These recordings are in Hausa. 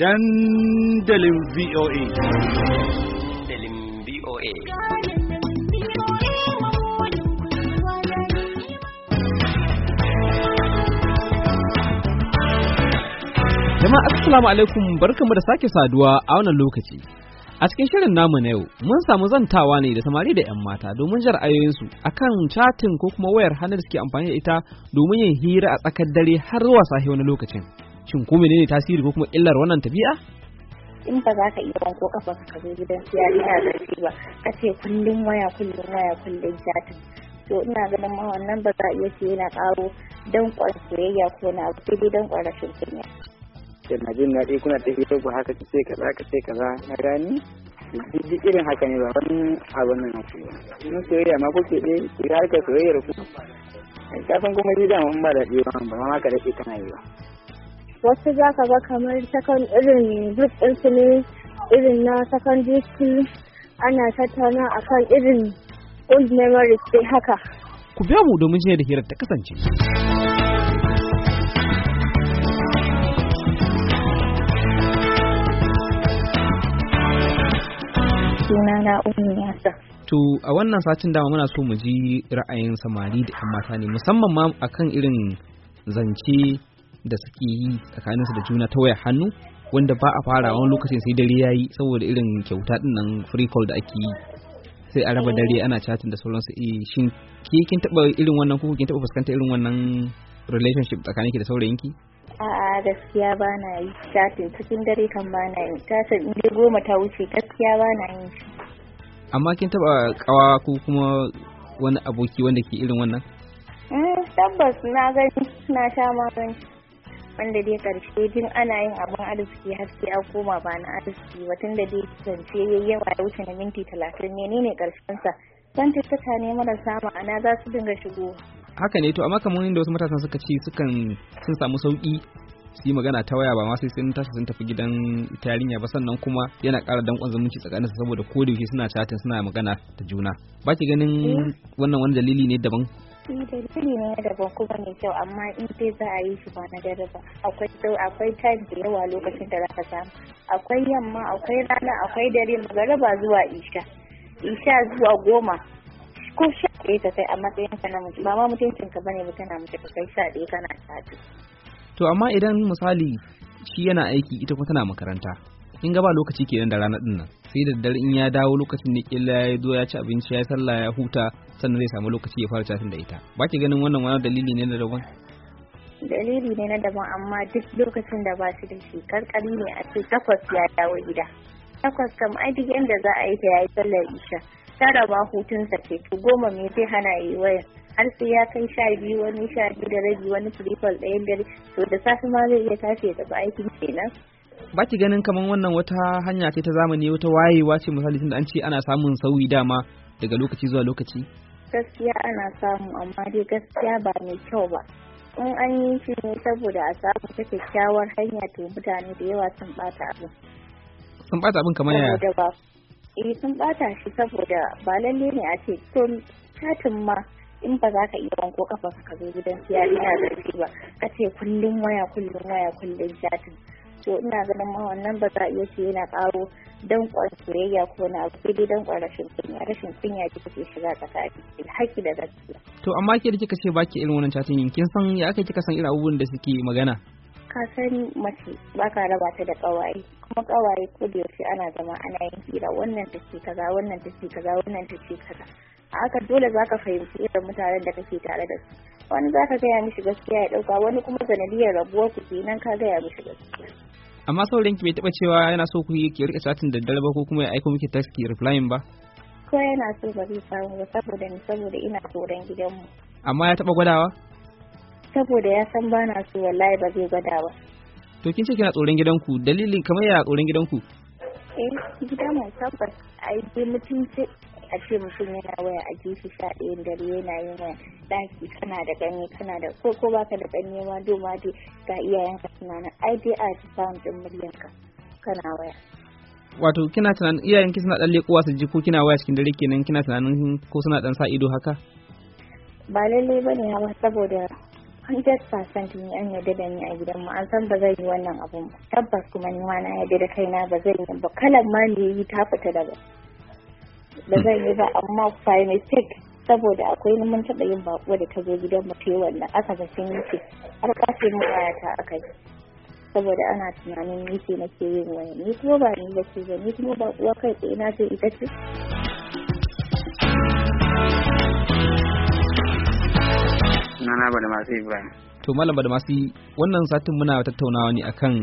dandalin VOA. Dandalin VOA. Jama'a assalamu alaikum barkamu da sake saduwa a wannan lokaci. A cikin shirin namu na yau mun samu zantawa ne da samari da 'yan mata domin jar ayoyinsu akan chatting ko kuma wayar hannu da suke amfani da ita domin yin hira a tsakar dare har zuwa safe wani lokacin. shin ko menene tasiri ko kuma illar wannan tafiya in ba za ka iya wanko kafa ka zo gidan siyari a zafi ba ka ce kullum waya kullum waya kullum chatin to ina ganin ma wannan ba za a iya ce yana karo dankon soyayya ko na abu sai dai dankon rashin kunya sai na jin daɗi kuna tafiya ku haka ce kaza ka ce kaza na gani Jiji irin haka ne ba wani abu nan na kuma in soyayya ma kuke ɗe ku yi harkar soyayyar ku kafin kuma yi dama ba da ɗiwa ba ma ka daɗe kana yi ba wasu za ka ga kamar sakan irin group ɗinsu ne irin na secondary school ana tattauna akan irin old memories dai haka. Ku biya mu domin shi da hirar ta kasance. Suna na Umi Hassan. To a wannan satin dama muna so mu ji ra'ayin samari da 'yan mata ne musamman ma akan irin zance da suke yi tsakaninsu da juna ta wayar hannu wanda ba a fara wani lokacin sai dare yayi saboda irin kyauta din nan free call da ake yi sai a raba dare ana chatting da sauransu eh shin ke kin taba irin wannan ko kin taba fuskantar irin wannan relationship tsakaninki da saurayinki a'a gaskiya ba na yi chatting cikin dare kan ba na yi chatting in dai goma ta wuce gaskiya ba na yin shi amma kin taba kawa ko kuma wani aboki wanda ke irin wannan eh, tabbas na gani na sha magani wanda dai karshe jin ana yin abin arziki haske a koma ba na arziki watan da dai kusance ya yawa ya wuce na minti talatin menene karshensa san tattaka ne marasa ma'ana za su dinga shigo haka ne to amma kamar da wasu matasan suka ce sukan sun samu sauki su yi magana ta waya ba ma sai sun tashi sun tafi gidan yarinya ba sannan kuma yana ƙara danƙon zumunci tsakaninsu saboda ko da suna chatin suna magana da juna ba ki ganin eh. wannan wani dalili ne daban shi da shiri ne daban kuma mai kyau amma in dai za a yi shi ba na dare ba akwai akwai time da yawa lokacin da za ka samu akwai yamma akwai rana akwai dare magaraba zuwa isha isha zuwa goma ko sha ɗaya ka kai a matsayin ka na mutum ba mutuncin ka bane ba kana mutum ka kai sha ɗaya kana tafi. to amma idan misali shi yana aiki ita kuma tana makaranta in ga ba lokaci kenan da ranar din nan sai da dare in ya dawo lokacin da kila ya zo ya ci abinci ya sallah ya huta sannan zai samu lokaci ya fara chatin da ita ba ki ganin wannan wani dalili ne na daban dalili ne na daban amma duk lokacin da ba shi da shi karkari ne a ce takwas ya dawo gida takwas kam ai duk inda za a yi ta yayi sallar isha tara ba hutunsa ce to goma me zai hana yi waya har sai ya kai sha biyu wani sha biyu da rabi wani filifal ɗayan dare to da safe ma zai iya tashi ya tafi aikin kenan ba ki ganin kamar wannan wata hanya ce ta zamani wata wayewa ce misali tunda an ce ana samun sauyi dama daga lokaci zuwa lokaci gaskiya ana samu amma dai gaskiya ba mai kyau ba in an yi shi ne saboda a samu ta kyakkyawar hanya to mutane da yawa sun bata abin sun bata abin kamar yaya eh sun bata shi saboda ba lalle ne a ce to katin ma in ba za ka iya wanko kafa ka zo gidan siyari ina zargi ba ka ce kullum waya kullum waya kullum jatin. to ina ganin ma wannan ba za a iya ce yana karo dankon soyayya ko na abu sai dai dankon rashin kunya rashin kunya ce ke shiga tsakani haƙƙi da gaskiya to amma ke da kika ce baki irin wannan tatin kin san ya aka kika san irin abubuwan da suke magana ka san mace ka raba ta da ƙawaye kuma ƙawaye ko da yaushe ana zama ana yin hira wannan ce kaza wannan ce kaza wannan ce kaza a haka dole za ka fahimci irin mutanen da kake tare da su wani za ka gaya mishi gaskiya ya dauka wani kuma zanadiyar rabuwar ku kenan ka gaya mishi gaskiya amma sauran ki bai taba cewa yana so ku yi ki rika satin da dare ba ko kuma ya aika miki taski ki replying ba ko yana so ba zai samu ba saboda ni saboda ina tsoron gidanmu amma ya taba gwadawa saboda ya san bana so wallahi ba zai gwada ba to kin ce kina tsoron gidanku dalilin kamar ya tsoron gidanku eh gidanmu tabbas ai dai mutunci a ce mutum yana waya a gefe sha ɗayan dare yana yin waya ɗaki kana da ganye kana da ko ko baka da ganye ma doma dai ga iyayenka suna nan ai dai a ci samun ɗin muryanka kana waya. wato kina tunanin iyayen ki suna dan lekowa su ji ko kina waya cikin dare kenan kina tunanin ko suna dan sa ido haka ba lalle ba ne hawa saboda 100% ni an yarda da ni a gidan mu an san ba zai yi wannan abun ba tabbas kuma ni ma na yadda da kaina ba zai yi ba kalan ma ne yi ta fita daga ba zan yi ba amma by mistake saboda akwai mun taɓa yin bako da ta zo gidan mu ta yi wannan aka ga sun yi ce har kashe mu wayata aka yi saboda ana tunanin ni ce nake yin wani ni kuma ba ni ba ce ba ni kuma ba kai tsaye na ce ita ce Bada Masu Ibrahim. To Malam Masu wannan satin muna tattaunawa ne akan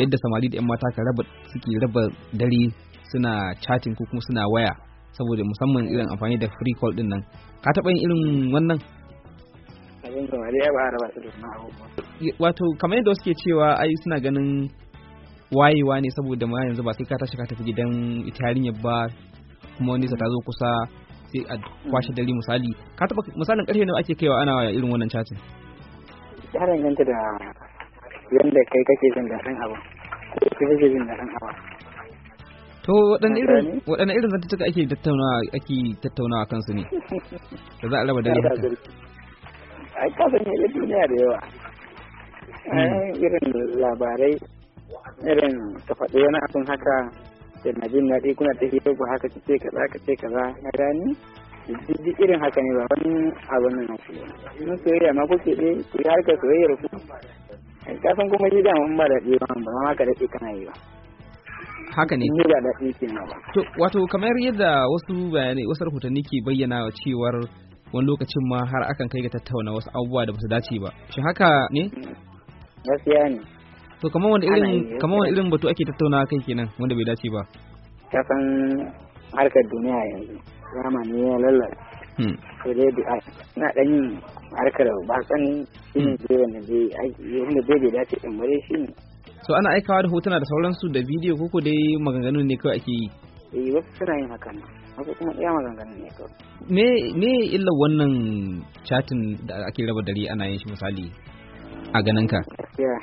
yadda samari da 'yan mata ka raba suke raba dare suna chatting ko kuma suna waya saboda musamman irin amfani da free call din nan ka taɓa yin irin wannan wato kamar yadda suke cewa ai suna ganin wayewa ne saboda ma yanzu ba sai ka tashi ka tafi gidan italiya ba kuma wani ta zo kusa sai a kwashe mm. dare misali ka taɓa misalin karfe ne ake kaiwa ana irin wannan chatin ya danganta da yanda kai kake jin daɗin abu ko kake jin daɗin abu To waɗanne irin waɗanne irin zantuka ake tattaunawa ake tattaunawa kansu ne? Da za a raba dare Ai ka san ne duniya da yawa. Hmm. Irin labarai irin ka faɗi wani abin haka da na jin daɗi kuna ta hira ku haka ce za ka ce ka za na gani. Duk irin haka ne ba wani abin nan ku. Mun soyayya ma kuke ɗe eh, ku yi harkar soyayyar ku. Ka san kuma ni da mun ba da ɗe ba ma ka daɗe kana yi ba. haka ne ni da daɗi kenan ba to wato kamar yadda wasu bayanai wasu rahotanni ke bayyana cewar wani lokacin ma har akan kai ga tattauna wasu abubuwa da ba su dace ba shi haka ne gaskiya ne to kamar wani irin kamar wani irin batu ake tattauna kai kenan wanda bai dace ba ka san harkar duniya yanzu zamani ya lalata. Hmm. to dai na dan yin harkar ba san shi ne zai hmm. wanda zai wanda zai dace in bare shi ne so ana aikawa da hotuna da sauransu da bidiyo koko dai maganganun ne kawai ake yi eh wasu suna yin hakan wasu kuma iya maganganun ne kawai me me wannan chatin da ake raba dare ana yin shi misali a ganin ka gaskiya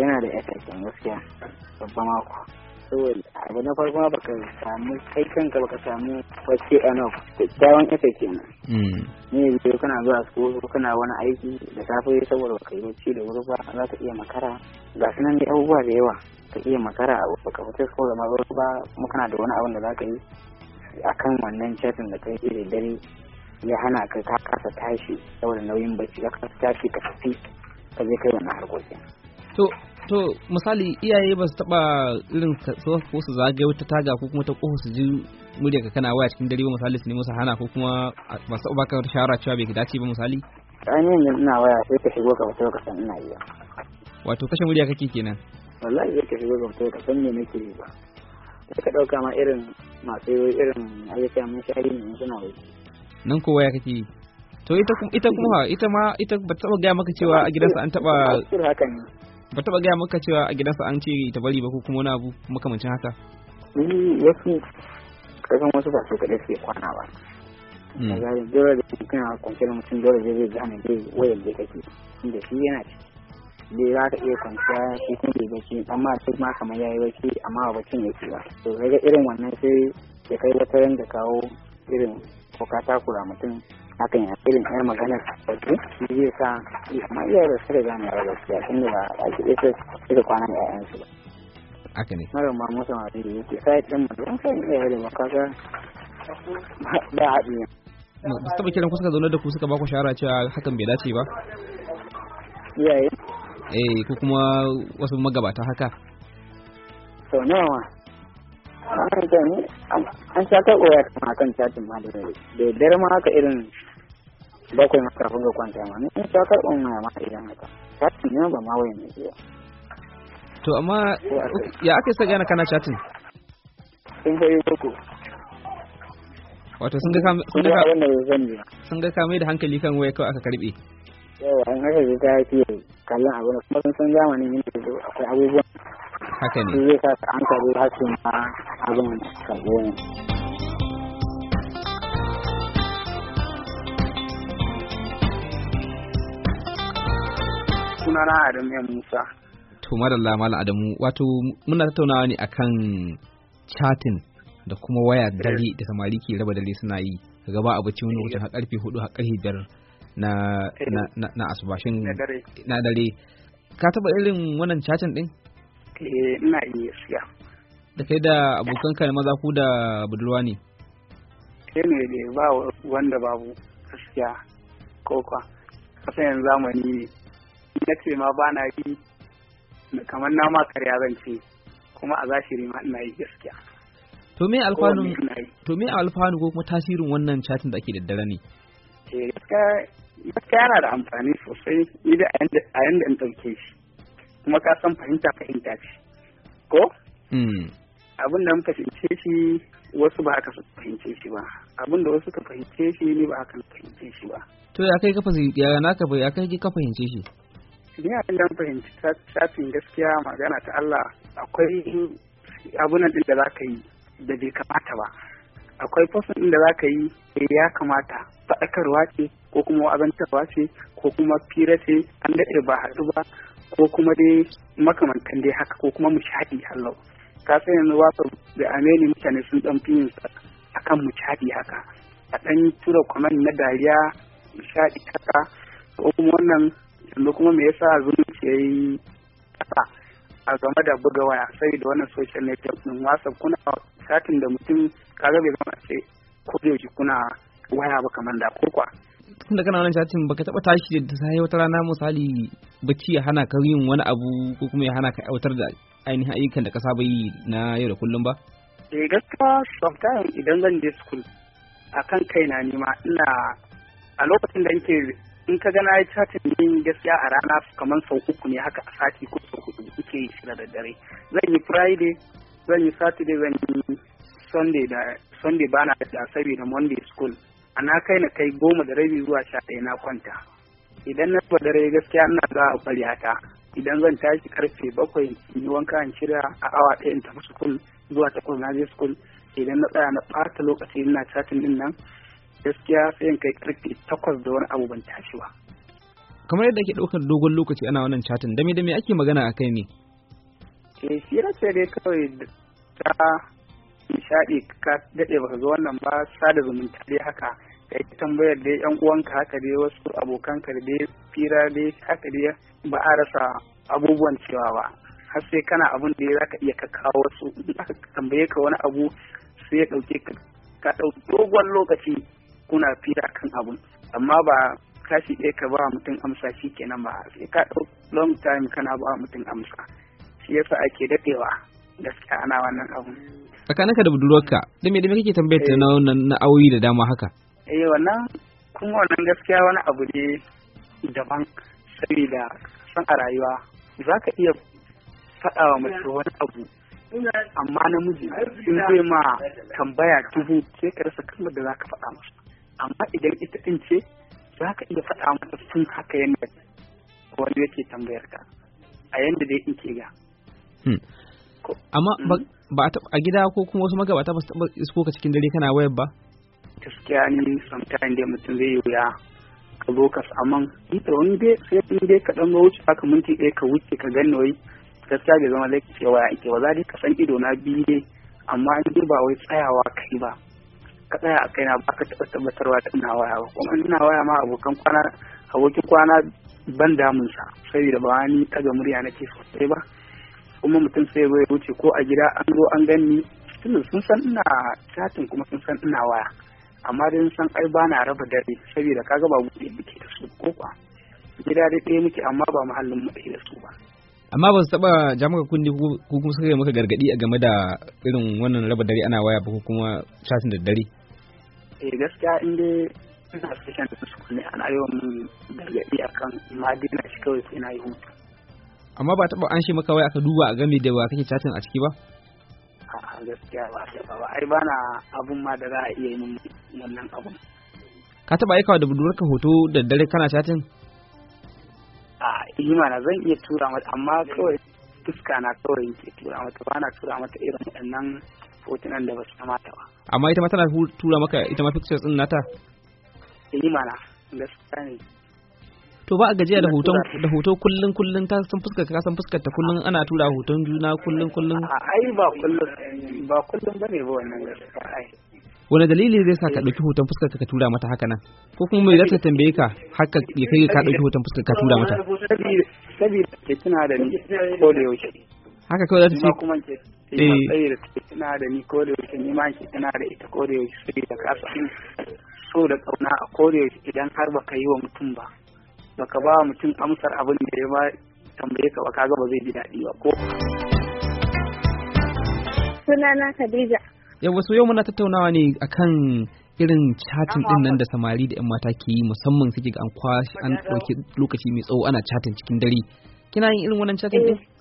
yana da effect gaskiya babban mako saboda abu na farko ma baka samu kai kanka baka samu wacce ana kyakkyawan ita kenan hmm. ne biyu kana zuwa school kana wani aiki da safe saboda baka yi wacce da wuri ba za ka iya makara ga su nan abubuwa da yawa ka iya makara a baka fita school da ma ba kuma kana da wani abu da za ka yi a kan wannan chatin da kai da dare ya hana ka ka kasa tashi saboda nauyin bacci ka kasa tashi ka tafi ka je kai wannan harkokin. To to misali iyaye ba su taba irin ko su zagaye wata taga ko kuma ta kofa su ji murya ka kana waya cikin dare ba misali su nemi su hana ko kuma ba su baka wata shawara cewa bai dace ba misali ainihin ina waya sai ka shigo ka fito ka san ina yi wato kashe murya kake kenan wallahi sai ka shigo ka fito ka san me nake yi ba sai ka dauka ma irin masu irin ayyuka mun shari ne suna waje nan ko waya kake yi to ita kuma ita kuma ita ma ita ba taba gaya maka cewa a gidansa an taba haka ne ba taba gaya maka cewa a gidansa an ce ta bari ba ko kuma wani abu makamancin haka ni yafi kasan wasu ba su kaɗai suke kwana ba na hmm. gari dole da kana kwanciyar mutum dole zai zai gane dai wayar da kake inda shi yana ci dai za ka iya kwanciya shi kuma bai bacci amma duk ma kamar yi bacci amma ba baccin yake ba to kaga irin wannan sai ya kai wata ran da kawo irin ko ka takura mutum hakan ya irin yar maganar sauki shi zai sa kuma iyaye da suka gane ba gaskiya da ba a ki isa suka kwana da ƴaƴansu ba haka ne mara ma musa ma da yake sai ɗan mutum kan iyaye da makaka ba haɗi ba su taba kiran ku suka zaune da ku suka ba ku shahara cewa hakan bai dace ba iyaye eh ko kuma wasu magabata haka sau nawa an an sha kai koyar ma kan chatin ma da dare ma haka irin bakwai ma kafin ga kwanta ma ni sha kai on ma ma idan haka chatin ne ba ma waye ne to amma ya ake sa gane kana chatin sun ga yoko wato sun ga sun ga sun ga da hankali kan waya kawai aka karbe yawa an haka zai ta fi kallon abu da kuma sun zamanin yin da akwai abubuwan haka ne zai sa an karo hasu ma abin kallo Suna na Adamu ya Musa to madalla malam Adamu wato muna tattaunawa ne akan chatting da kuma waya dare eh. da samari ke raba dare suna yi gaba abincin wani wajen har karfe hudu har karfe biyar Eh, na na na asubashin na dare ka taba irin wannan cacin din eh ina yi gaskiya da kai da abokan ka maza ku da budurwa ne eh ne da ba wanda babu gaskiya ko kwa kasan zamani ne Ina ce ma ba na yi kamar na ma karya zan ce kuma a zashiri ma ina yi gaskiya to me alfanu to me alfanu ko kuma tasirin wannan chatin da ake daddare ne eh, gaskiya gaskiya yana da amfani sosai ni da a yanda in ɗauke shi kuma ka san fahimta fahimta ce ko hmm. abin da muka fahimce shi wasu ba aka fahimce shi ba abin da wasu ka fahimce shi ni ba aka fahimce shi ba to ya kai kafa fahimce ya na ka ya kai ka fahimce shi ni a inda fahimci shafin gaskiya magana ta Allah akwai abunan din da za ka yi da bai kamata ba akwai fasin da za ka yi eh, ya kamata faɗakarwa ce ko kuma wa'azantarwa ce ko kuma fira ce an daɗe ba haɗu ba ko kuma dai makamantan dai haka ko kuma mushadi hallau ka sai yanzu wasa da ameni mutane sun ɗan fi yin akan mushaɗi haka a ɗan tura kwamen na dariya mushadi haka ko kuma wannan yanzu kuma me yasa zumunci ya yi a game da buga waya sai da wannan social network din whatsapp kuna satin da mutum kaga bai zama sai ko da ji kuna waya ba kamar da ko kwa tun da kana wannan chatin baka taba tashi da sai wata rana misali bacci ya hana ka yin wani abu ko kuma ya hana ka aiwatar da ainihin ayyukan da ka saba yi na yau da kullum ba eh gaskiya sometimes idan zan je school akan kaina ne ma ina a lokacin da nake in ka gana ya chatin din gaskiya a rana kamar sau uku ne haka a sati ko sau hudu suke yi shi da dare, zan yi friday zan yi saturday zan yi sunday da sunday da monday school a na kai na kai goma da rabi zuwa sha ɗaya na kwanta idan na zuwa dare gaskiya ina za a bari idan zan tashi karfe bakwai in yi wanka in shirya a awa ɗaya in tafi school zuwa takwas na je school idan na tsaya na ɓata lokaci ina chatin din nan gaskiya sai kai karfe takwas da wani abu ban tashi ba kamar yadda ake ɗaukar dogon lokaci ana wannan chatin dame dame ake magana a kai ne eh ya ce dai kawai ta nishaɗi ka daɗe baka zo wannan ba sada zumunta dai haka ka yi tambayar dai yan uwanka haka dai wasu abokanka da dai fira dai haka dai ba a rasa abubuwan cewa ba har sai kana abun da za ka iya ka kawo wasu aka tambaye ka wani abu sai ya ɗauke ka ka ɗauki dogon lokaci kuna fira kan abun amma ba kashi ɗaya ka ba mutum amsa shi kenan ba sai ka ɗau long time kana ba mutum amsa shi yasa ake daɗewa gaskiya ana wannan abun tsakaninka da budurwarka da me da me kake tambayar ta na wannan na awoyi da dama haka eh wannan kuma wannan gaskiya wani abu ne daban saboda san a rayuwa za ka iya faɗa wa mutum wani abu amma namiji in zai ma tambaya dubu sai ka rasa kalmar da za ka faɗa masa amma idan ita ɗin ce za ka iya faɗa mata sun haka yadda wani yake tambayar ka a yadda dai in ke ga. Hmm. Amma ba hmm. a gida ko kuma wasu magabata ba su taɓa isko ka cikin dare kana wayar ba? Gaskiya ni sometime dai mutum zai yi ka zo ka saman ita wani dai sai ɗin dai ka ɗan wuce haka minti ɗaya ka wuce ka gan wai gaskiya bai zama laifi cewa ya ake ba za ka san ido na biyu dai amma in ba wai tsayawa kai ba. Kaɗaya a kaina ba ka taɓa tabbatarwa da ina waya ba kuma ina waya ma abokan kwana abokin kwana ban damunsa saboda ba ni ɗaga murya nake sosai ba kuma mutum sai ya wuce ko a gida an zo an ganni tunda sun san ina chatin kuma sun san ina waya amma dai san ai ba na raba dare saboda kaga ba buɗe muke da su ko ba gida dai ɗaya muke amma ba muhallin mu da su ba amma ba su taɓa ja kundi ko kuma suka yi maka gargaɗi a game da irin wannan raba dare ana waya ba ko kuma chatin da dare eh gaskiya in dai ina sashen da su ne ana yawan mun gargaɗi akan ma dina shi kawai sai na yi hutu amma ba taɓa an shi maka wai aka duba a game da ba kake chatin a ciki ba a gaskiya ba taɓa ba ai bana abun ma da za a iya mun wannan abun ka taɓa aikawa da ka hoto da dare kana chatin a yi eh, zan iya tura mata amma kawai fuska na kawai ke tura mata ba na tura mata irin waɗannan hotunan da ba su kamata ba amma ita ma tana tura maka ita ma pictures din nata yi eh, mana gaskiya ne to ba a gajiya da hoton da hoto kullun kullun ta san fuskar ka san fuskar ta kullun ana tura hoton juna kullun kullun ai ba kullun ba kullun bane ba wannan gaskiya ai Wane dalili zai sa ka dauki hoton fuskar ka tura mata haka nan ko kuma mai zata tambaye ka haka ya kai ka ɗauki hoton fuskar ka tura mata saboda ke tuna da ni ko da yaushe haka kawai zata ta ce kuma sai eh. tsaye da take tana da ni ko da yaushe ni ma ki tana da ita ko da yaushe sai da kafin so da kauna a ko da yaushe idan har baka yi wa mutum ba baka ba mutum amsar abin da ya ma tambaye ka ba kaga ba zai ji daɗi ba ko sunana Khadija yawa so yau muna tattaunawa ne akan irin chatin din nan da samari da 'yan mata ke yi musamman suke ga an kwashi an ɗauki lokaci mai tsawo ana chatin cikin dare kina yin irin wannan chatin din eh.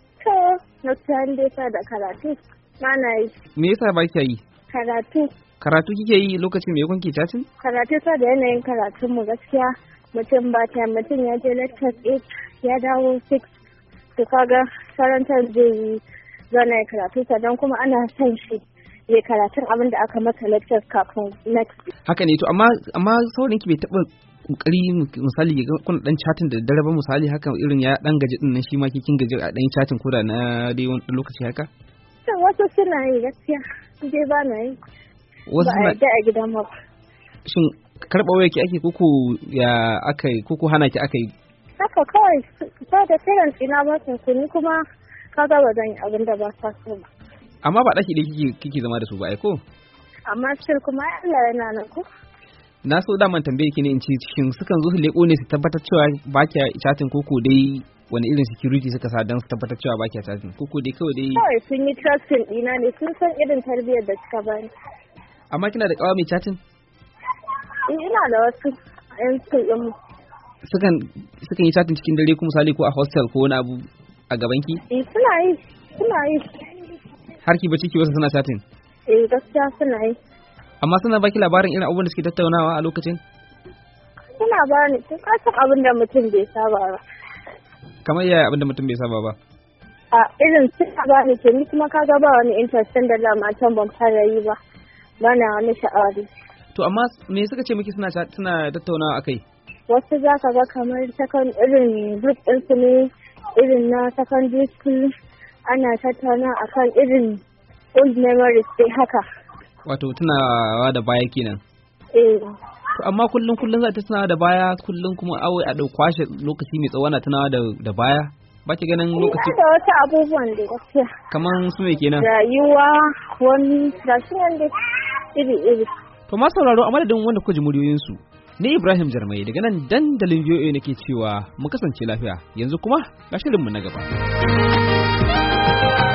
na data da karatu mana yi. Me yasa ba kya yi? Karatu. Karatu kike yi lokacin me kwanki tashin. Karatu sa da yanayin karatun mu gaskiya mutum ba ta mutum ya je lectures 8 ya dawo 6 to kaga karantar zai yi zana ya karatu sannan kuma ana son shi ya karatun abin da aka masa lectures kafin next. Haka ne to amma amma saurin ki bai taɓa kokari misali kuna dan chatin da dare ba misali haka irin ya dan gaji din nan shi ma kikin gaji a dan chatin koda na dai wani lokaci haka to wasu suna yi gaskiya je ba na yi wasu ba da a gidan ba shin karba waya ki ake koko ya akai yi koko hana ki aka yi haka kawai ba da parents ina ba su ni kuma kaga ba zan yi abin da ba sa so ba amma ba daki da kike zama da su ba ai ko amma shi kuma Allah yana nan ko na so daman tambaye ki ne in ci cikin sukan zo su leko ne su tabbatar cewa ba kya chatin koko dai wani irin security suka sa don su tabbatar cewa ba kya chatin koko dai kawai dai kawai sun yi trusting dina ne sun san irin tarbiyyar da suka bani amma kina da kawai mai chatin eh, ina da wasu yan kuɗin sukan sukan yi chatin cikin dare kuma misali ko a hostel ko wani abu a gaban ki eh suna yi suna yi har ki bace ki wasu suna chatin eh gaskiya suna yi amma suna baki labarin irin abubuwan da suke tattaunawa a lokacin suna bani sun kasan abin da mutum bai saba ba kamar yaya abin da mutum bai saba ba a irin suna bani ke ni kuma kaga ba wani interesting da a can ban fara yi ba ba na wani sha'awari to amma me suka ce miki suna suna tattaunawa akai wasu za ka ga kamar sakan irin group din su ne irin na secondary school ana tattaunawa akan irin old memories dai haka wato tunawa da baya kenan eh amma kullum kullum za ta tunawa da baya kullum kuma awo a dauka kwashe lokaci mai tsawana tunawa da baya ba ki ganin lokaci da wata abubuwan da gaskiya kaman su me kenan rayuwa wani da wanda iri iri to ma sauraro a madadin wanda kuka ji muryoyin su ni Ibrahim Jarmai daga nan dandalin VOA nake cewa mu kasance lafiya yanzu kuma ga shirinmu na gaba.